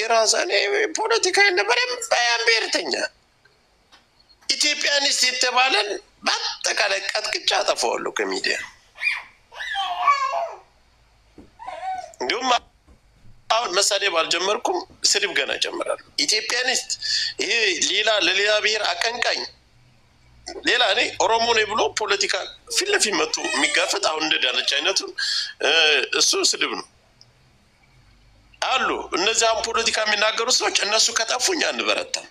የራሳ ፖለቲካ ነበረም በያምቤርተኛ ኢትዮጵያኒስት የተባለን በአጠቃላይ ቀጥቅጫ አጠፋዋለሁ ከሚዲያ እንዲሁም አሁን መሳደብ አልጀመርኩም፣ ስድብ ገና ጀምራለሁ። ኢትዮጵያኒስት ይሄ ሌላ ለሌላ ብሔር አቀንቃኝ ሌላ እኔ ኦሮሞ ነኝ ብሎ ፖለቲካ ፊት ለፊት መጥቶ የሚጋፈጥ አሁን እንደ ዳነች አይነቱን እሱ ስድብ ነው። አሉ። እነዚያም ፖለቲካ የሚናገሩ ሰዎች እነሱ ከጠፉ አንበረታም።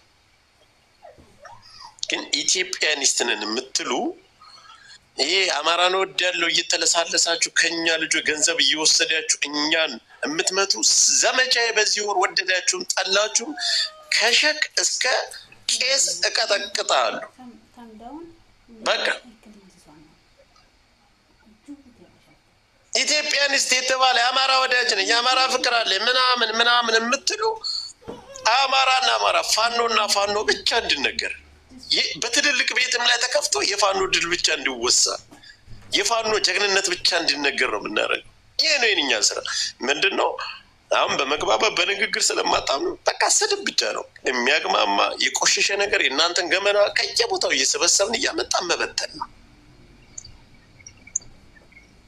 ግን ኢትዮጵያኒስትንን የምትሉ ይሄ አማራን ያለው እየተለሳለሳችሁ ከእኛ ልጆ ገንዘብ እየወሰዳችሁ እኛን የምትመቱ ዘመቻ በዚህ ወር ወደዳችሁም ጠላችሁም ከሸክ እስከ ቄስ እቀጠቅጣሉ በቃ ኢትዮጵያኒስት የተባለ የአማራ ወዳጅ ነኝ የአማራ ፍቅር አለ ምናምን ምናምን የምትሉ አማራና አማራ ፋኖና ፋኖ ብቻ እንድነገር በትልልቅ ቤትም ላይ ተከፍቶ የፋኖ ድል ብቻ እንዲወሳ የፋኖ ጀግንነት ብቻ እንዲነገር ነው የምናደርገው። ይህ ነው የእኛ ስራ። ምንድን ነው አሁን በመግባባት በንግግር ስለማጣም በቃ ስድብ ብቻ ነው የሚያግማማ የቆሸሸ ነገር የእናንተን ገመና ከየቦታው እየሰበሰብን እያመጣን መበተን ነው።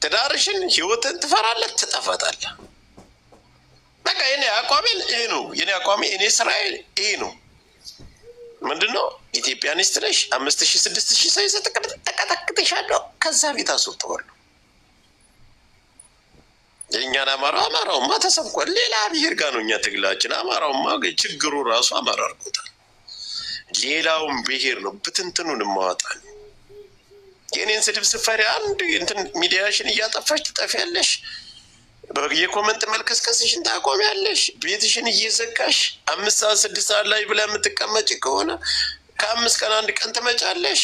ትዳርሽን ህይወትን ትፈራለህ፣ ትጠፋታለህ። በቃ የኔ አቋሚ ይሄ ነው። የኔ አቋሚ እኔ እስራኤል ይሄ ነው። ምንድን ነው ኢትዮጵያ ኒስት ነሽ፣ አምስት ሺ ስድስት ሺ ሰው ይዘህ ተቀጠቅጥሻለሁ፣ ከዛ ቤት አስወጥተዋለሁ። የእኛን አማራው አማራውማ ተሰብኳል። ሌላ ብሄር ጋር ነው እኛ ትግላችን። አማራውማ ችግሩ ራሱ አማራ አድርጎታል። ሌላውን ብሄር ነው ብትንትኑን ማዋጣ የእኔን ስድብ ስፈሪ አንድ እንትን ሚዲያሽን እያጠፋሽ ትጠፊያለሽ። የኮመንት መልከስከስሽን ታቆሚያለሽ። ቤትሽን እየዘጋሽ አምስት ሰዓት ስድስት ሰዓት ላይ ብላ የምትቀመጭ ከሆነ ከአምስት ቀን አንድ ቀን ትመጫለሽ።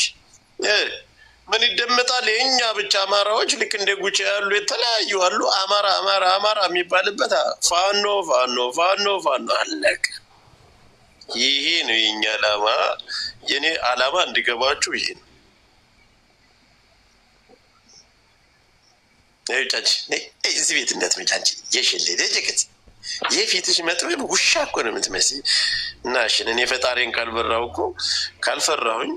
ምን ይደመጣል? የእኛ ብቻ አማራዎች ልክ እንደ ጉቼ ያሉ የተለያዩ አሉ። አማራ አማራ አማራ የሚባልበት ፋኖ ፋኖ ፋኖ ፋኖ አለቅ። ይሄ ነው የኛ አላማ። የኔ አላማ እንዲገባችሁ ይሄ ነው። እዚህ ቤት የፊትሽ መጥበብ ውሻ እኮ ነው የምትመስይ። እኔ ፈጣሪን ካልበራው እኮ ካልፈራሁኝ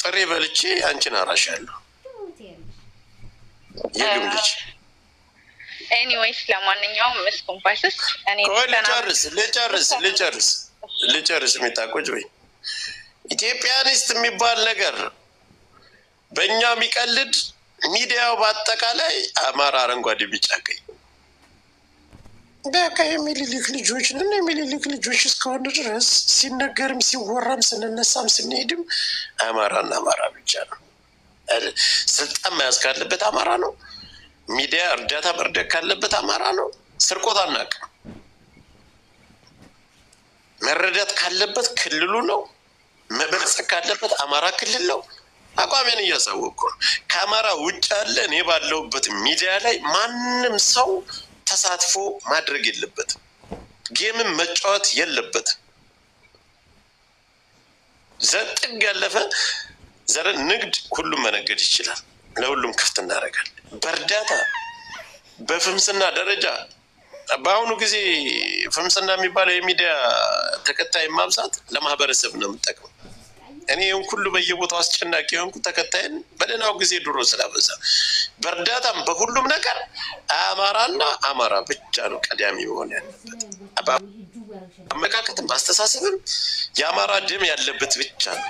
ጥሬ በልቼ አንቺን አራሻለሁ። የግም ልጅ ኤኒዌይስ፣ ለማንኛውም ልጨርስ ልጨርስ ልጨርስ ልጨርስ ወይ ኢትዮጵያኒስት የሚባል ነገር በእኛ የሚቀልድ ሚዲያው በአጠቃላይ አማራ አረንጓዴ፣ ቢጫ፣ ቀይ በቃ የሚሊሊክ ልጆች ነን። የሚሊሊክ ልጆች እስከሆነ ድረስ ሲነገርም ሲወራም ስንነሳም ስንሄድም አማራና አማራ ብቻ ነው። ስልጣን መያዝ ካለበት አማራ ነው። ሚዲያ እርዳታ መርዳት ካለበት አማራ ነው። ስርቆት አናውቅም። መረዳት ካለበት ክልሉ ነው። መበልጸግ ካለበት አማራ ክልል ነው። አቋሜን እያሳወቅኩ ነው። ከአማራ ውጭ ያለ እኔ ባለሁበት ሚዲያ ላይ ማንም ሰው ተሳትፎ ማድረግ የለበትም። ጌምም መጫወት የለበትም። ዘጥግ ያለፈ ዘረ ንግድ ሁሉም መነገድ ይችላል። ለሁሉም ክፍት እናደርጋለን። በእርዳታ በፍምስና ደረጃ በአሁኑ ጊዜ ፍምስና የሚባለው የሚዲያ ተከታይ ማብዛት ለማህበረሰብ ነው የምጠቅመው። እኔ ይህን ሁሉ በየቦታው አስጨናቂ የሆንኩ ተከታይን በደህናው ጊዜ ድሮ ስላበዛ በእርዳታም በሁሉም ነገር አማራና አማራ ብቻ ነው ቀዳሚ መሆን ያለበት። አመለካከትም አስተሳሰብም የአማራ ደም ያለበት ብቻ ነው።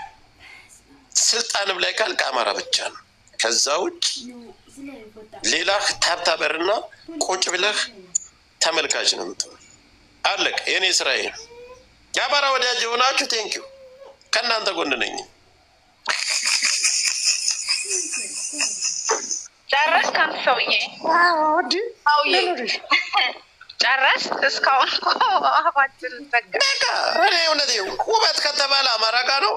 ስልጣንም ላይ ካል ከአማራ ብቻ ነው። ከዛ ውጭ ሌላ ታብታበርና ቁጭ ብለህ ተመልካች ነው ምት አለቅ የእኔ ስራዬ የአማራ ወዳጅ የሆናችሁ ቴንኪው ከእናንተ ጎን ነኝ። ጨረስ አንተ ሰውዬ? ጨረስ። እስካሁን አፋችን በቃ እኔ እውነት ውበት ከተባለ አማራ ጋር ነው።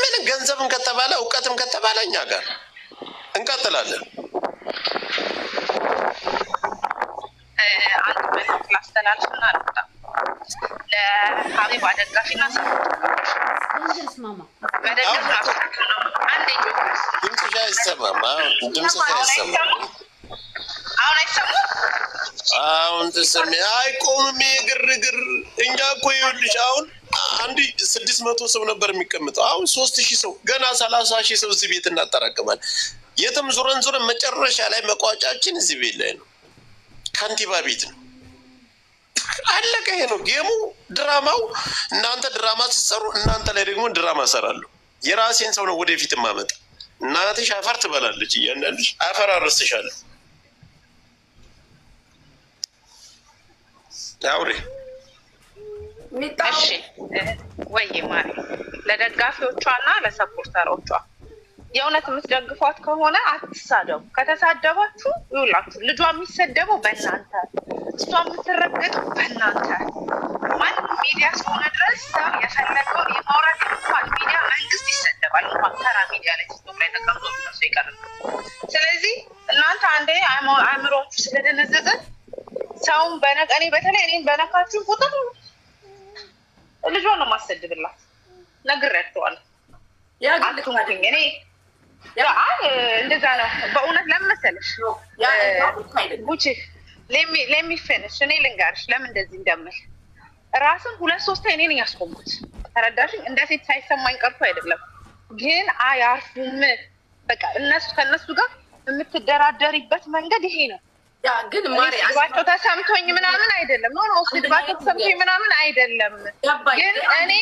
ምን ገንዘብም ከተባለ እውቀትም ከተባለ እኛ ጋር እንቀጥላለን። አንድ መልዕክት ላስተላልፍና ለሀቢባ ደጋፊና አሁን ትሰሚ አይቆምም ግርግር። እኛ እኮ ይኸውልሽ አሁን አንድ ስድስት መቶ ሰው ነበር የሚቀምጠው አሁን ሶስት ሺህ ሰው ገና ሰላሳ ሺህ ሰው እዚህ ቤት እናጠራቅማል። የትም ዙረን ዙረን መጨረሻ ላይ መቋጫችን እዚህ ቤት ላይ ነው፣ ከንቲባ ቤት ነው። አለቀ። ይሄ ነው ጌሙ፣ ድራማው። እናንተ ድራማ ስትሰሩ፣ እናንተ ላይ ደግሞ ድራማ እሰራለሁ። የራሴን ሰው ነው ወደፊት ማመጣ። እናትሽ አፈር ትበላለች፣ እያንዳንድሽ አፈር አረስሻለሁ። አውሬ ወይ ማሪ ለደጋፊዎቿ እና ለሰፖርተሮቿ የእውነት የምትደግፏት ከሆነ አትሳደቡ። ከተሳደባችሁ ይውላችሁ ልጇ የሚሰደበው በእናንተ፣ እሷ የምትረገጠው በእናንተ። ማንም ሚዲያ እስከሆነ ድረስ ሰው የፈለገውን የማውራት የምፋል ሚዲያ መንግስት ይሰደባል። እንኳን ተራ ሚዲያ ላይ ስቶም ላይ ተቀምጦ ነሱ ይቀርም። ስለዚህ እናንተ አንዴ አእምሮቹ ስለደነዘዘ ሰውን በነቀኔ በተለይ እኔን በነካችሁ ቁጥር ልጇ ነው የማሰድብላት። ነግሬያቸዋለሁ። ያ ግን እኔ እንደዛ ነው በእውነት። ለምን መሰለሽ ጉቺ ለሚፈንሽ እኔ ልንጋርሽ ለምን እንደዚህ እንደምል ራስን ሁለት ሶስት እኔ ነኝ ያስቆምኩት። ተረዳሽኝ? እንደ ሴት ሳይሰማኝ ቀርቶ አይደለም፣ ግን አያርፉም። በቃ እነሱ ከእነሱ ጋር የምትደራደሪበት መንገድ ይሄ ነው። ግን ስድባቸው ተሰምቶኝ ምናምን አይደለም። ኖ ስድባቸው ተሰምቶኝ ምናምን አይደለም። ግን እኔ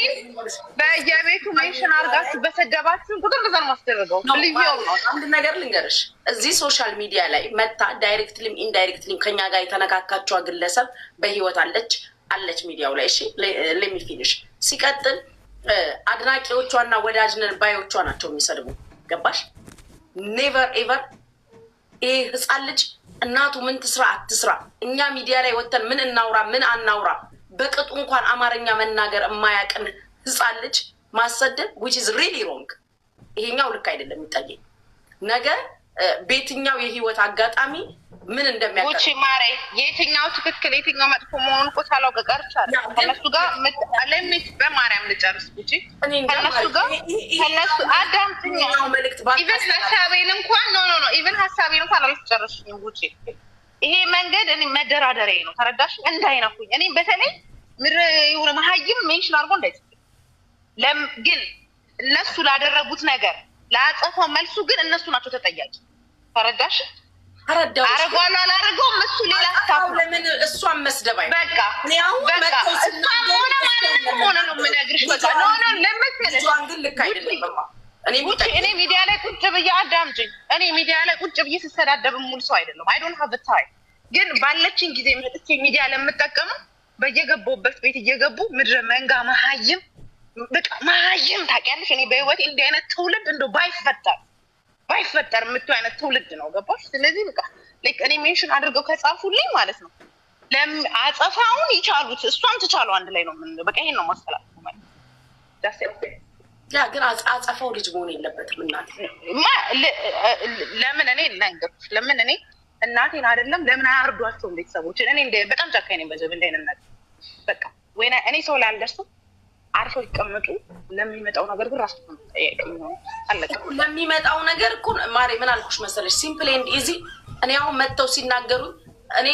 በየቤቱ ሜንሽን አድርጋችሁ በሰደባችሁን ቁጥር ብዛ ነው ማስደርገው። ልየው አንድ ነገር ልንገርሽ፣ እዚህ ሶሻል ሚዲያ ላይ መታ ዳይሬክትሊም ኢንዳይሬክትሊም ከኛ ጋር የተነካካችዋ ግለሰብ በህይወት አለች አለች ሚዲያው ላይ እሺ፣ ለሚፊንሽ ሲቀጥል አድናቂዎቿና ወዳጅነን ባዮቿ ናቸው የሚሰድቡ ገባሽ? ኔቨር ኤቨር ይህ ህፃን ልጅ እናቱ ምን ትስራ አትስራ፣ እኛ ሚዲያ ላይ ወተን ምን እናውራ ምን አናውራ፣ በቅጡ እንኳን አማርኛ መናገር የማያቅን ህፃን ልጅ ማሰደብ ዊች ኢዝ ሪሊ ሮንግ። ይሄኛው ልክ አይደለም። ይጠየቅ ነገ በየትኛው የህይወት አጋጣሚ ምን እንደሚያ ማሬ የትኛው ትክክል የትኛው መጥፎ መሆኑ እኮ ሳላውቅ ቀርቻለሁ። ከነሱ ጋር ለሚት በማርያም ልጨርስ ጉቺ ከነሱ ጋር ከነሱ አዳምጥኝ። ኢቨን ሀሳቤን እንኳን ኖ ኖ ኖ ኢቨን ሀሳቤን እንኳን አልጨረስሽኝም ጉቺ። ይሄ መንገድ እኔ መደራደሪያ ነው ተረዳሽ? እንዳይነኩኝ እኔ በተለይ ምር የሆነ መሀይም ሜንሽን አድርጎ እንዳይጽ ግን እነሱ ላደረጉት ነገር ለአጸፋው መልሱ ግን እነሱ ናቸው ተጠያቂ ተረዳሽ? አረጓሉ አላረገውም እሱ ሌላ ለምን እሷን መስደብ በቃ ሆነ ማንም ሆነ ነው የምነግርሽ። እኔ ሚዲያ ላይ ቁጭ ብዬ አዳምጪኝ። እኔ ሚዲያ ላይ ቁጭ ብዬ ስሰዳደብ ሙሉ ሰው አይደለም። አይ ዶንት ሀቭ ታይም ግን ባለችኝ ጊዜ መጥቼ ሚዲያ ለምጠቀመው በየገባሁበት ቤት እየገቡ ምድረ መንጋ መሀይም በቃ መሀይም ታውቂያለሽ። እኔ በህይወቴ እንዲህ አይነት ትውልድ እንደው ባይፈጠር ባይፈጠር የምቱ አይነት ትውልድ ነው። ገባሽ? ስለዚህ በቃ እኔ ሜንሽን አድርገው ከጻፉልኝ ማለት ነው አጸፋውን ይቻሉት፣ እሷም ትቻሉ አንድ ላይ ነው። ምን በቃ ይሄን ነው ማስተላለፍ ማለት ያ ግን አጸፋው ልጅ መሆን የለበትም። እናቴ ለምን እኔ ላይንገሩች ለምን እኔ እናቴን አይደለም ለምን አያርዷቸውም ቤተሰቦችን? እኔ በጣም ጨካኝ ነኝ በዘብ እንዳይነናገር በቃ ወይ እኔ ሰው ላይ አልደርስም አርፈው ይቀመጡ። ለሚመጣው ነገር ግን ራሱ ለሚመጣው ነገር እኮ ማሬ ምን አልኩሽ መሰለሽ፣ ሲምፕል ኤንድ ኢዚ። እኔ አሁን መጥተው ሲናገሩ እኔ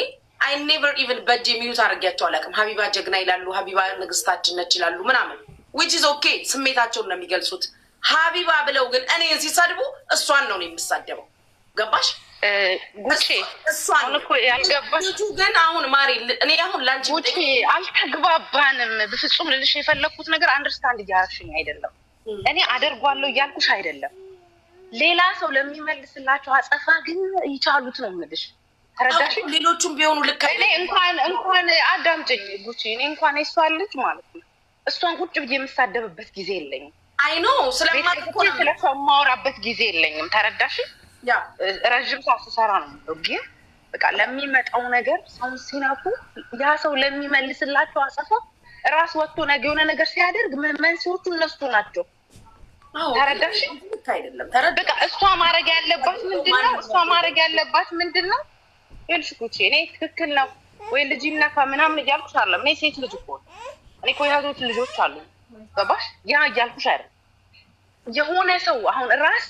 አይ ኔቨር ኢቨን በእጅ የሚሉት አርጊያቸው አላውቅም። ሀቢባ ጀግና ይላሉ፣ ሀቢባ ንግስታችን ነች ይላሉ ምናምን፣ ዊች ኢዝ ኦኬ። ስሜታቸውን ነው የሚገልጹት። ሀቢባ ብለው ግን እኔ ሲሰድቡ እሷን ነው ነው የምሳደበው። ገባሽ? ጉቼ ግን አሁን ማሪ፣ እኔ አሁን ላንቺ ጉቼ አልተግባባንም። በፍጹም ልልሽ የፈለግኩት ነገር አንደርስታንድ እያረሽኝ አይደለም። እኔ አደርጓለሁ እያልኩሽ አይደለም። ሌላ ሰው ለሚመልስላቸው አጸፋ ግን ይቻሉት ነው የምልሽ። ተረዳሽ? ሌሎቹም ቢሆኑ ልክ እኔ እንኳን እንኳን አዳምጭኝ ጉቺ፣ እኔ እንኳን የሷ ልጅ ማለት ነው እሷን ቁጭ ብዬ የምሳደብበት ጊዜ የለኝም። አይ ነው ስለማቆ ስለሰው የማወራበት ጊዜ የለኝም። ተረዳሽ? ያ ረዥም ሰዓት ስሰራ ነው የምለው። ግን በቃ ለሚመጣው ነገር ሰውን ሲነኩ ያ ሰው ለሚመልስላቸው አጸፋ ራስ ወጥቶ ነገ የሆነ ነገር ሲያደርግ መንስኤዎቹ እነሱ ናቸው። ተረዳሽ? በቃ እሷ ማድረግ ያለባት ምንድን ነው? እሷ ማድረግ ያለባት ምንድን ነው? ይኸውልሽ ጉቺ እኔ ትክክል ነው ወይ ልጅ ይነፋ ምናምን እያልኩሽ አይደለም። እኔ ሴት ልጅ እኮ እኔ እኮ የያዞት ልጆች አሉ። ገባሽ? ያ እያልኩሽ አይደለም። የሆነ ሰው አሁን ራስ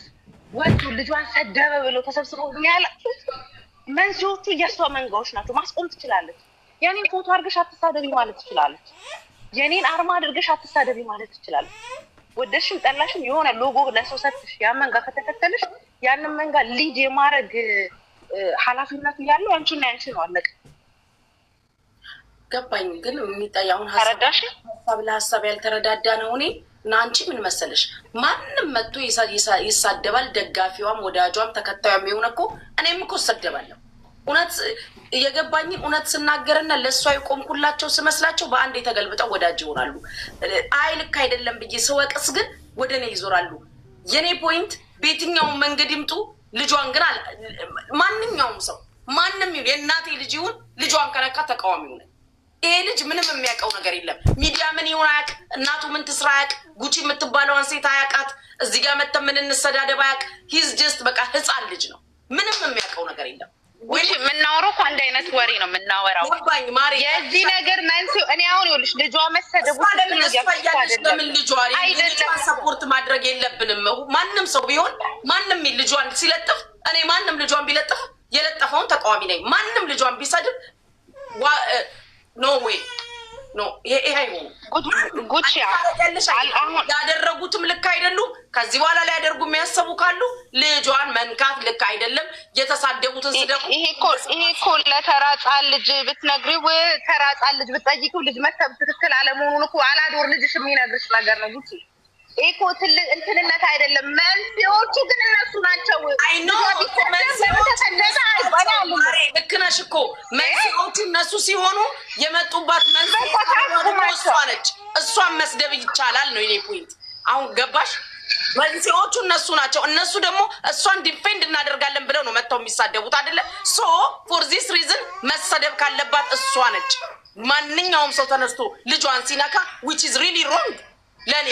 ወንዱ ልጇን ሰደበ ብሎ ተሰብስበው ያለ መንስኤዎቹ የእሷ መንጋዎች ናቸው። ማስቆም ትችላለች። የኔን ፎቶ አድርገሽ አትሳደቢ ማለት ትችላለች። የኔን አርማ አድርገሽ አትሳደቢ ማለት ትችላለች። ወደሽም ጠላሽም የሆነ ሎጎ ለሰው ሰጥሽ ያን መንጋ ከተከተልሽ ያንን መንጋ ሊድ የማድረግ ኃላፊነቱ ያለው አንቺና ያንቺ ነው። አለቅ ገባኝ። ግን የሚጠያውን ሀሳብ ለሀሳብ ያልተረዳዳ ነው እኔ እና አንቺ ምን መሰለሽ፣ ማንም መጥቶ ይሳደባል። ደጋፊዋም ወዳጇም ተከታዩም የሆነ እኮ እኔም እኮ እሰደባለሁ። እውነት የገባኝን እውነት ስናገርና ለእሷ የቆምኩላቸው ስመስላቸው በአንድ የተገልብጠው ወዳጅ ይሆናሉ። አይ ልክ አይደለም ብዬ ስወቅስ ግን ወደ እኔ ይዞራሉ። የእኔ ፖይንት በየትኛውም መንገድ ይምጡ፣ ልጇን ግን ማንኛውም ሰው ማንም የእናቴ ልጅ ይሁን ልጇን ከነካ ተቃዋሚ ሆነ። ይሄ ልጅ ምንም የሚያውቀው ነገር የለም። ሚዲያ ምን ይሁን አያውቅ፣ እናቱ ምን ትስራ አያውቅ፣ ጉቺ የምትባለውን ሴት አያውቃት፣ እዚህ ጋር መተን ምን እንሰዳደብ አያውቅ። ሂዝ ጀስት በቃ ህፃን ልጅ ነው። ምንም የሚያውቀው ነገር የለም። ጉቺ የምናወረው እኮ አንድ አይነት ወሬ ነው የምናወራው። የዚህ ነገር ናንሲ እኔ አሁን ይኸውልሽ ልጇ መሰደቡ ለምን ልጇ ሰፖርት ማድረግ የለብንም። ማንም ሰው ቢሆን ማንም ልጇን ሲለጥፍ እኔ ማንም ልጇን ቢለጥፍ የለጠፈውን ተቃዋሚ ነኝ። ማንም ልጇን ቢሰድብ ኖ ዌይ ኖ ይሄ አይሆንም። ጉቺ ያደረጉትም ልክ አይደሉም። ከዚህ በኋላ ሊያደርጉ የሚያሰቡ ካሉ ልጇን መንካት ልክ አይደለም። የተሳደቡትን ስደቡ። ይሄ እኮ ለተራ ልጅ ብትነግሪው ተራ ልጅ ብትጠይቂው ልጅ መተብ ትክክል አለመሆኑን እኮ አላዶር ልጅሽ የሚነግርሽ ነገር ነው ጉቺ ይኮ ትልቅ እንትንነት አይደለም። መንስኤዎቹ ግን እነሱ ናቸው። ልክ ነሽ እኮ መንስኤዎቹ እነሱ ሲሆኑ የመጡባት መንስኤ ነች። እሷን መስደብ ይቻላል ነው የኔ ፖይንት። አሁን ገባሽ? መንስኤዎቹ እነሱ ናቸው። እነሱ ደግሞ እሷን ዲፌንድ እናደርጋለን ብለው ነው መጥተው የሚሳደቡት አይደለም። ሶ ፎር ዚስ ሪዝን መሰደብ ካለባት እሷ ነች። ማንኛውም ሰው ተነስቶ ልጇን ሲነካ ዊች ኢዝ ሪሊ ሮንግ ለእኔ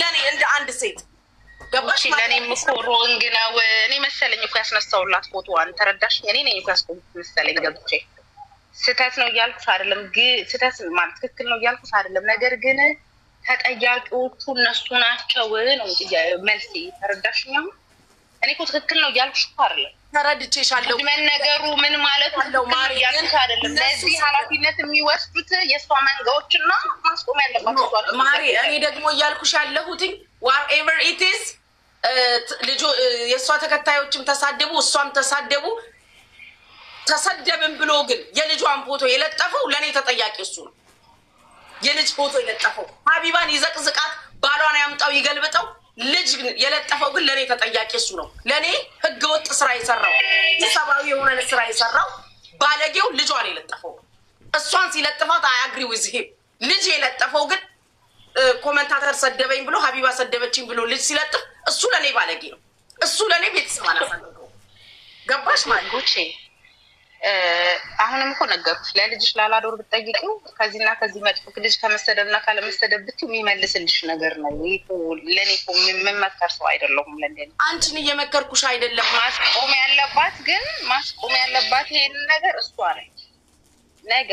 ለእኔ እንደ አንድ ሴት ገባሽ? ለእኔም እኮ ሮንግ ነው። እኔ መሰለኝ እኮ ያስነሳውላት ፎቶዋን ተረዳሽ? እኔ ነኝ እኮ መሰለኝ ገብቼ ስህተት ነው እያልኩሽ አይደለም፣ ስህተት ማለት ትክክል ነው እያልኩሽ አይደለም። ነገር ግን ተጠያቂዎቹ እነሱ ናቸው ነው እኔ እኮ ትክክል ነው እያልኩሽ አይደለም። ተረድቼሻለሁ። መነገሩ ምን ማለት ነው እያልኩሽ አይደለም። ለዚህ ኃላፊነት የሚወስዱት የእሷ መንጋዎችና ማስቆም ያለባቸው ማሪ። እኔ ደግሞ እያልኩሽ ያለሁትኝ ዋትኤቨር ኢት ኢዝ ልጆ የእሷ ተከታዮችም ተሳደቡ፣ እሷም ተሳደቡ። ተሰደብን ብሎ ግን የልጇን ፎቶ የለጠፈው ለእኔ ተጠያቂ እሱ ነው። የልጅ ፎቶ የለጠፈው ሀቢባን ይዘቅዝቃት፣ ባሏን ያምጣው ይገልብጠው ልጅ የለጠፈው ግን ለእኔ ተጠያቂ እሱ ነው። ለእኔ ህገወጥ ስራ የሰራው ኢሰብአዊ የሆነ ስራ የሰራው ባለጌው ልጇን የለጠፈው እሷን ሲለጥፋት አያግሪ ውዝሄ ልጅ የለጠፈው ግን ኮመንታተር ሰደበኝ ብሎ ሀቢባ ሰደበችኝ ብሎ ልጅ ሲለጥፍ እሱ ለእኔ ባለጌ ነው። እሱ ለእኔ ቤተሰብ አላሳደገው ገባሽ ማለት አሁንም እኮ ነገርኩሽ። ለልጅሽ ላላዶር ብትጠይቂው ከዚህና ከዚህ መጥፎ ልጅ ከመሰደብና ካለመሰደብ ብትይው የሚመልስልሽ ነገር ነው። ለእኔ የምመከር ሰው አይደለሁም። ለእንደ አንቺን እየመከርኩሽ አይደለም። ማስቆም ያለባት ግን ማስቆም ያለባት ይሄንን ነገር እሷ ነች ነገ